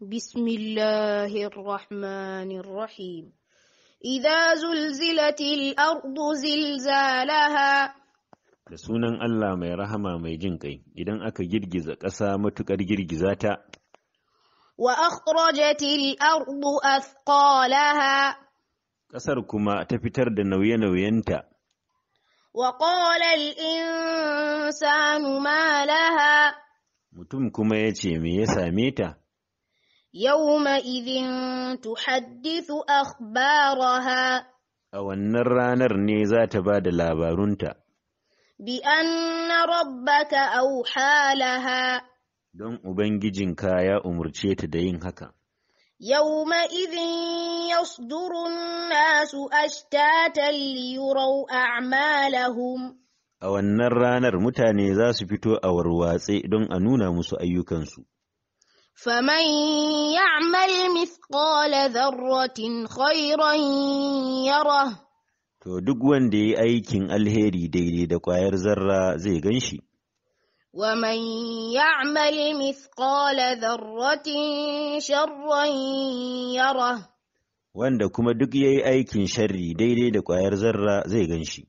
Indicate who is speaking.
Speaker 1: بسم الله الرحمن الرحيم إذا زلزلت الأرض زلزالها
Speaker 2: da sunan Allah mai rahama mai jin kai idan aka girgiza ƙasa matuƙar girgiza ta
Speaker 1: wa al ardu athqalaha
Speaker 2: ƙasar kuma ta fitar da nauye-nauyenta
Speaker 1: wa qala al insanu ma laha
Speaker 2: mutum kuma yace me ya same ta
Speaker 1: yawma'idhin tuhaddithu akhbaraha
Speaker 2: a wannan ranar ne za ta ba da labarunta
Speaker 1: bi anna rabbaka auhalaha
Speaker 2: don ubangijinka kaya umurce ta da yin haka
Speaker 1: Yau yawma'idhin yasdurun nasu ashtatan liyuraw a'malahum
Speaker 2: A wannan ranar mutane za su fito a warwatse don a nuna musu ayyukansu.
Speaker 1: فمن يعمل مثقال ذرة خيرا يره
Speaker 2: to duk wanda ya yi aikin alheri daidai da ƙwayar zarra zai gan shi.
Speaker 1: ومن يعمل مثقال ذرة شرا yara.
Speaker 2: wanda kuma duk ya yi aikin sharri daidai da ƙwayar zarra zai gan shi.